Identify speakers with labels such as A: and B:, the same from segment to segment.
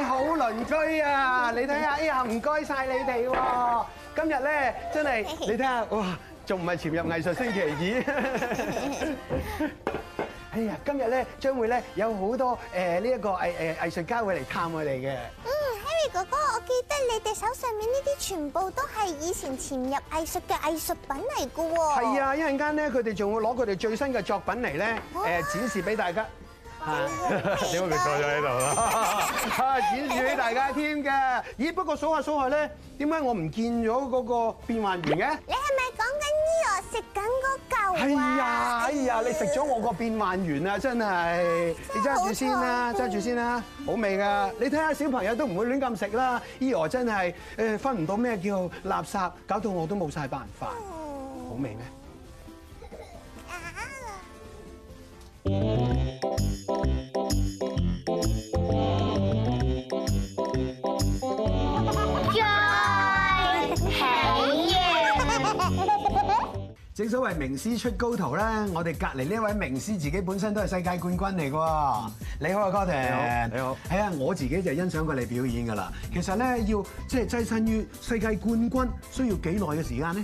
A: 好鄰居啊！你睇下，哎呀，唔該晒你哋喎！今日咧真係，你睇下，哇，仲唔係潛入藝術星期二？哎呀，今日咧將會咧有好多誒呢一個藝誒藝術家會嚟探我哋嘅。
B: 嗯，Harry 哥哥，我記得你哋手上面呢啲全部都係以前潛入藝術嘅藝術品嚟㗎喎。係啊，一
A: 陣間咧佢哋仲會攞佢哋最新嘅作品嚟咧誒展示俾大家。
B: 點解佢坐咗喺度
A: 啦？ 展示俾大家添嘅。咦？不過數下數下咧，點解我唔見咗嗰個變幻圓嘅？
B: 你係咪講緊依鵝食緊嗰嚿啊？哎呀哎呀！
A: 你食咗我個變幻圓啊！真係，嗯，你揸住先啦，揸住先啦，好味噶！你睇下小朋友都唔會亂咁食啦。依鵝真係，誒，分唔到咩叫垃圾，搞到我都冇晒辦法。嗯、好味咩？嗯正所謂名師出高徒啦，我哋隔離呢位名師自己本身都係世界冠軍嚟嘅。你好啊 Carter 你好，你好。係啊，我自己就欣賞過你表演㗎啦。其實咧，要即係躋身於世界冠軍，需要幾耐嘅時間咧？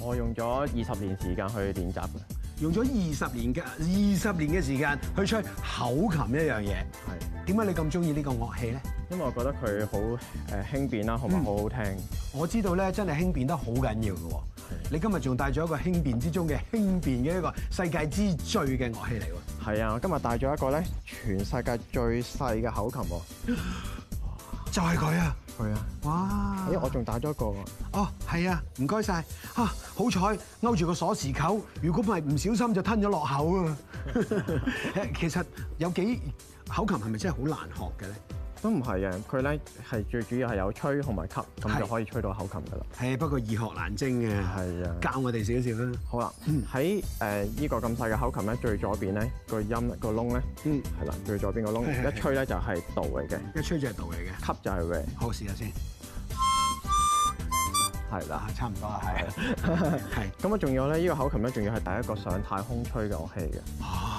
A: 我用咗二十年時間去練習嘅。用咗二十年嘅二十年嘅時間去吹口琴一樣嘢。係。點解你咁中意呢個樂器咧？因為我覺得佢好誒輕便啦，同埋好好聽，嗯。我知道咧，真係輕便得好緊要嘅喎。你今日仲帶咗一個輕便之中嘅輕便嘅一個世界之最嘅樂器嚟喎。係啊，我今日帶咗一個咧，全世界最細嘅口琴喎，就係佢啊。係啊。哇！咦，我仲帶咗一個。哦，係啊，唔該晒。啊、好彩，勾住個鎖匙扣，如果唔係唔小心就吞咗落口啊。 其實有幾口琴係咪真係好難學嘅咧？都唔係嘅，佢咧係最主要係有吹同埋吸，咁就可以吹到口琴噶啦。係，不過易學難精嘅。係啊。教我哋少少啦。好啦，喺誒依個咁細嘅口琴咧，最左邊咧、個音、個窿咧，嗯，係啦，最左邊個窿一吹咧就係度嚟嘅，一吹就係度嚟嘅，吸就係 where 好試，試下先。係、啊、啦，差唔多啦，係。係。咁 啊，仲有咧，依、 個口琴咧，仲要係第一個上太空吹嘅樂器嘅。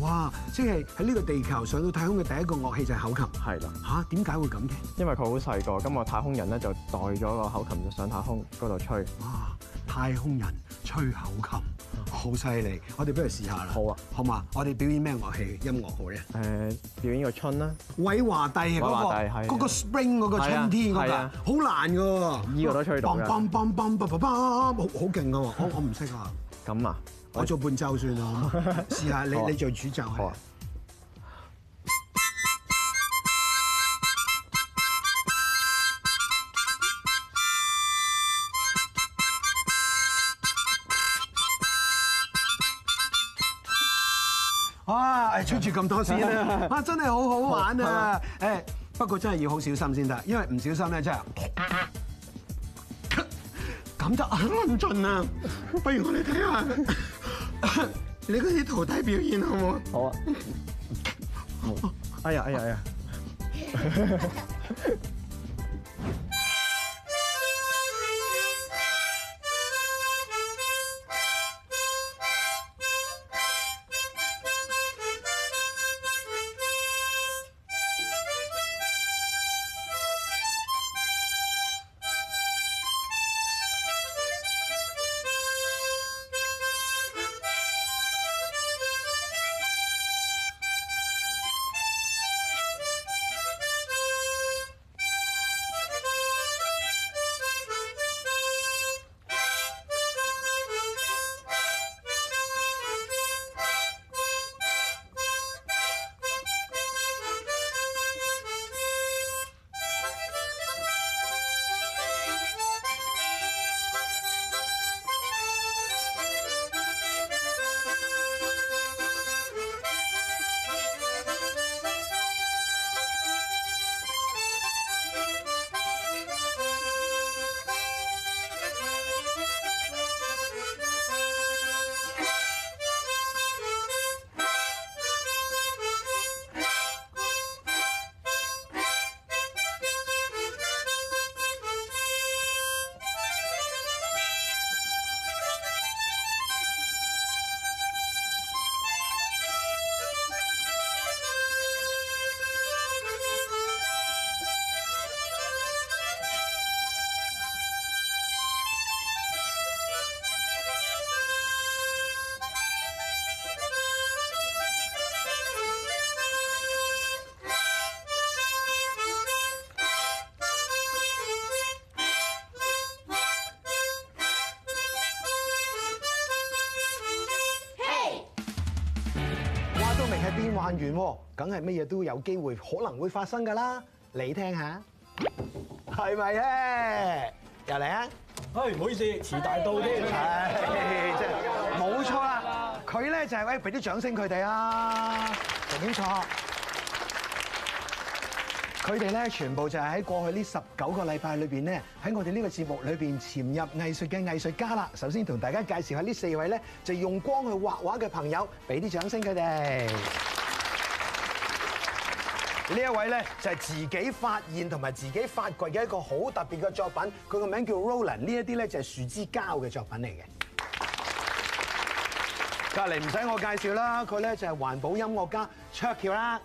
A: 哇！即係喺呢個地球上到太空嘅第一個樂器就係口琴，係啦、啊。吓？點解會咁嘅？因為佢好細個，今日太空人咧就袋咗個口琴就上太空嗰度吹。哇！太空人吹口琴好犀利，我哋不如試下啦。好啊，好嘛！我哋表演咩樂器音樂好呢？誒、呃，表演個春啦。韋華第啊，嗰、那個嗰個 spring 嗰個春天嗰個天的，好難㗎。呢個都吹到好勁㗎！我我唔識啊。咁啊。我做伴奏算啦，試下 嘗你 你，你做主奏，好 啊！哇，吹住咁多線啊！真係好好玩啊！誒， 不過真係要好小心先得，因為唔小心咧，真
B: 係
A: 咁就安穩盡啊！不如我哋睇下。 你嗰啲徒弟表演好唔好？好啊！
B: 好，
A: 哎呀哎呀哎呀！哎呀 喎，梗係乜嘢都有機會可能會發生㗎啦，你聽下，係咪咧？又嚟啊！哎，唔好意思，遲大到啲，係，真係冇錯啦。佢咧就係喂，俾啲掌聲佢哋啊，冇錯。佢哋咧全部就係喺過去呢十九個禮拜裏邊咧，喺我哋呢個節目裏邊潛入藝術嘅藝術家啦。首先同大家介紹下呢四位咧，就用光去畫畫嘅朋友，俾啲掌聲佢哋。呢一位咧就係自己發現同埋自己發掘嘅一個好特別嘅作品，佢個名叫 Roland。呢一啲咧就係樹枝膠嘅作品嚟嘅。
B: 隔
A: 離唔使我介紹啦，佢咧就係環保音樂家 Chuck 橋啦。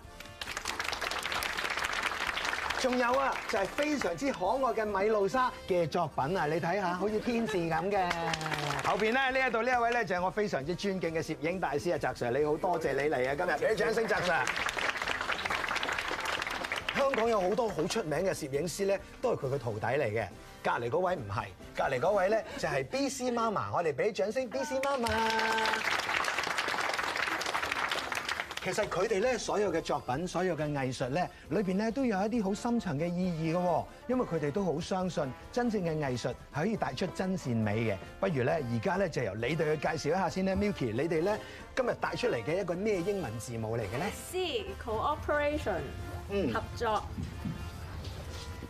A: 仲有啊，就係非常之可愛嘅米露莎嘅作品啊！你睇下，好似天使咁嘅。後邊咧呢一度呢一位咧就係我非常之尊敬嘅攝影大師啊，澤 Sir，你好，多謝謝你嚟啊，今日俾掌聲，澤 Sir。香港有好多好出名嘅攝影師咧，都係佢嘅徒弟嚟嘅。隔離嗰位唔係，隔離嗰位咧就係 B C m a，我哋俾掌聲，B C m a。其實佢哋咧所有嘅作品、所有嘅藝術咧，裏邊咧都有一啲好深層嘅意義嘅。因為佢哋都好相信，真正嘅藝術係可以帶出真善美嘅。不如咧，而家咧就由你哋去介紹一下先咧，m i k e y 你哋咧今日帶出嚟嘅一個咩英文字母嚟嘅咧
B: ？C cooperation。
A: 合作。誒、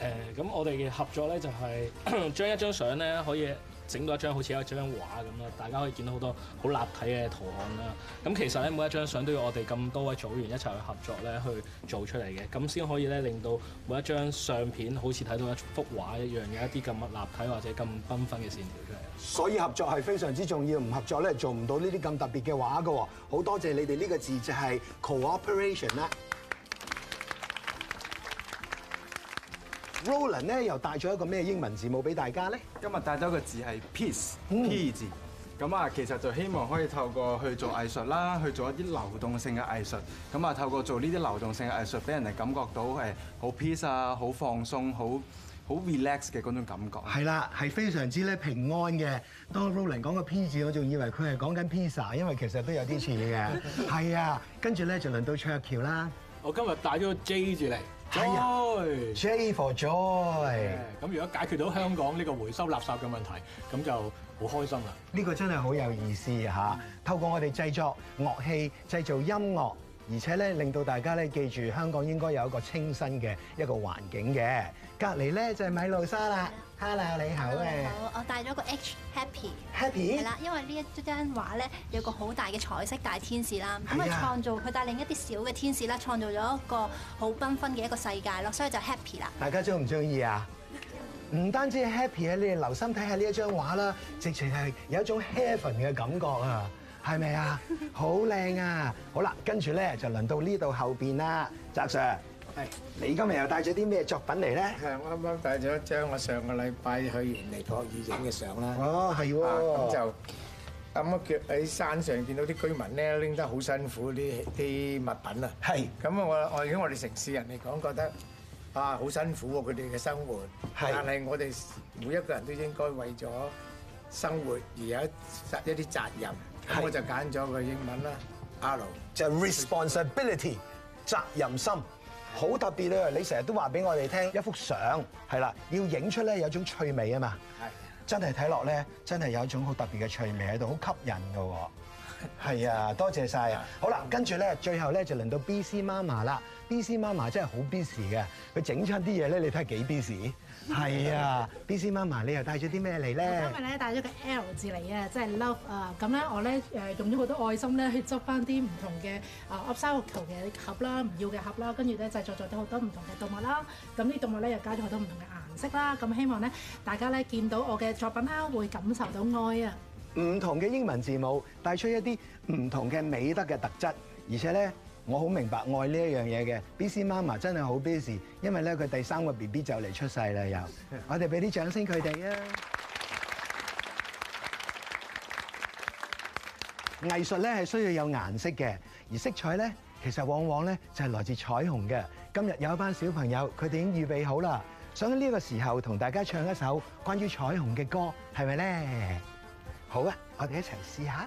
A: 嗯，咁我哋嘅合作咧，就係將一張相咧，可以整到一張好似一張畫咁啦。大家可以見到好多好立體嘅圖案啦。咁其實咧，每一張相都要我哋咁多位組員一齊去合作咧，去做出嚟嘅，咁先可以咧，令到每一張相片好似睇到一幅畫一樣有一啲咁立體或者咁繽紛嘅線條出嚟。所以合作係非常之重要，唔合作咧做唔到呢啲咁特別嘅畫㗎喎。好多謝你哋呢個字就是，就係 cooperation 啦。Rollin 咧又帶咗一個咩英文字母俾大家咧？今日帶咗個字係 peace，P、mm. 字。咁啊，其實就希望可以透過去做藝術啦，去做一啲流動性嘅藝術。咁啊，透過做呢啲流動性嘅藝術，俾人哋感覺到誒好 peace 啊，好放鬆，好好 relax 嘅嗰種感覺。係啦，係非常之咧平安嘅。當 Rollin 講個 P 字，我仲以為佢係講緊 pizza，因為其實都有啲似嘅。係 啊，跟住咧就輪到卓橋啦。我今日帶咗個 J 字嚟。係 J for joy。咁、yeah, 如果解決到香港呢個回收垃圾嘅問題，咁就好開心啦。呢、呢個真係好有意思嚇，透過我哋製作樂器，製造音樂。而且咧，令到大家咧記住，香港應該有一個清新嘅一個環境嘅。隔離咧就係米露莎啦 Hello，Hello 你好嘅。好。我帶咗個 H happy happy 係啦，因為呢一張畫咧有個好大嘅彩色大天使啦，咁啊創造佢帶另一啲小嘅天使啦，創造咗一個好繽紛嘅一個世界咯，所以就 happy 啦。大家中唔中意啊？唔 單止 happy 啊，你哋留心睇下呢一張畫啦，直情係有一種 heaven 嘅感覺啊！係咪啊？好靚啊！好啦，跟住咧就輪到呢度後邊啦，澤 sir，係你今日又帶咗啲咩作品嚟咧？係我啱啱帶咗一張我上個禮拜去原嚟託爾影嘅相啦。哦，係咁就咁啊！腳喺山上見到啲居民咧，拎得好辛苦啲啲物品啊。係咁啊！我我如果我哋城市人嚟講，覺得啊好辛苦喎，佢哋嘅生活。係，但係我哋每一個人都應該為咗生活而有一一啲責任。我就揀咗個英文啦，R 就 responsibility R，責任心，好特別咧。你成日都話俾我哋聽一幅相係啦，要影出咧有種趣味啊嘛。係，真係睇落咧，真係有一種好特別嘅趣味喺度，好吸引㗎喎。係啊，多謝晒啊。好啦，跟住咧，最後咧就輪到 B C 媽媽啦。B.C. 媽媽真係好 busy 嘅，佢整出啲嘢咧，你睇下幾 busy 係啊 ！B.C. 媽媽，你又帶咗啲咩嚟咧？我今日咧，帶咗個 L 字嚟啊，即係 love 啊、uh,！咁咧，我咧誒用咗好多愛心咧去執翻啲唔同嘅啊 upcycle 嘅盒啦、唔要嘅盒啦，跟住咧製作咗好多唔同嘅動物啦。咁啲動物咧又加咗好多唔同嘅顏色啦。咁希望咧大家咧見到我嘅作品啦，會感受到愛啊！唔同嘅英文字母帶出一啲唔同嘅美德嘅特質，而且咧。我好明白愛呢一樣嘢嘅，Busy Mama 真係好 Busy，因為咧佢第三個 B B 就嚟出世啦又，我哋俾啲掌聲佢哋啊！藝術咧係需要有顏色嘅，而色彩咧其實往往咧就係來自彩虹嘅。今日有一班小朋友，佢哋已經預備好啦，想喺呢個時候同大家唱一首關於彩虹嘅歌，係咪咧？好啊，我哋一齊試下。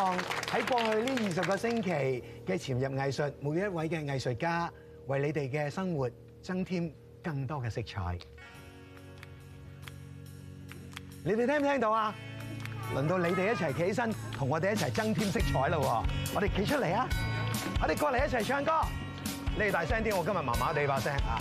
A: 希望喺過去呢二十個星期嘅潛入藝術，每一位嘅藝術家為你哋嘅生活增添更多嘅色彩。你哋聽唔聽到啊？輪到你哋一齊企起身，同我哋一齊增添色彩啦！我哋企出嚟啊！我哋過嚟一齊唱歌。你哋大聲啲，我今日麻麻地把聲啊！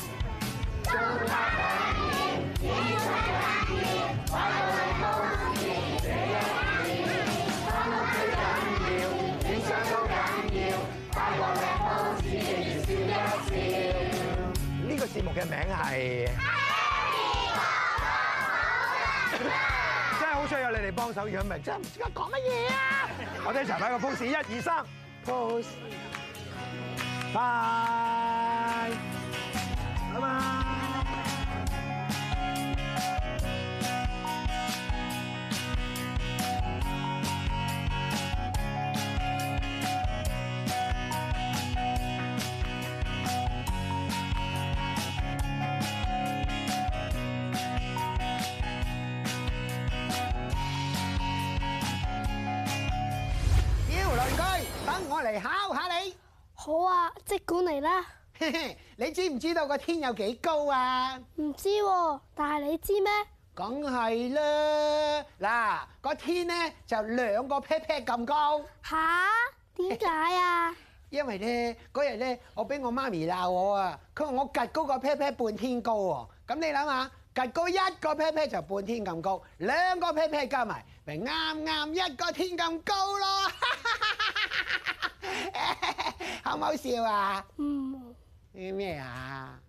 A: 節目嘅名係，真係好想有你哋幫手，如果唔係，真唔知
B: 佢講乜嘢啊！
A: 我哋一齊擺個 pose，一二三
B: ，pose，拜拜，拜拜。
A: 嚟考下你，好啊！即管嚟啦。嘿嘿。你知唔知道個天有幾高啊？唔知喎，但係你知咩？梗係啦。嗱，個天咧就兩個 pat pat 咁高。吓？點解啊？因為咧嗰日咧，我俾我媽咪鬧我啊。佢話我趷高個 pat pat 半天高喎。咁你諗下，趷高一個 pat pat 就半天咁高，兩個 pat pat 加埋咪啱啱一個天咁高咯。
B: 好唔好笑啊？嗯。咩啊？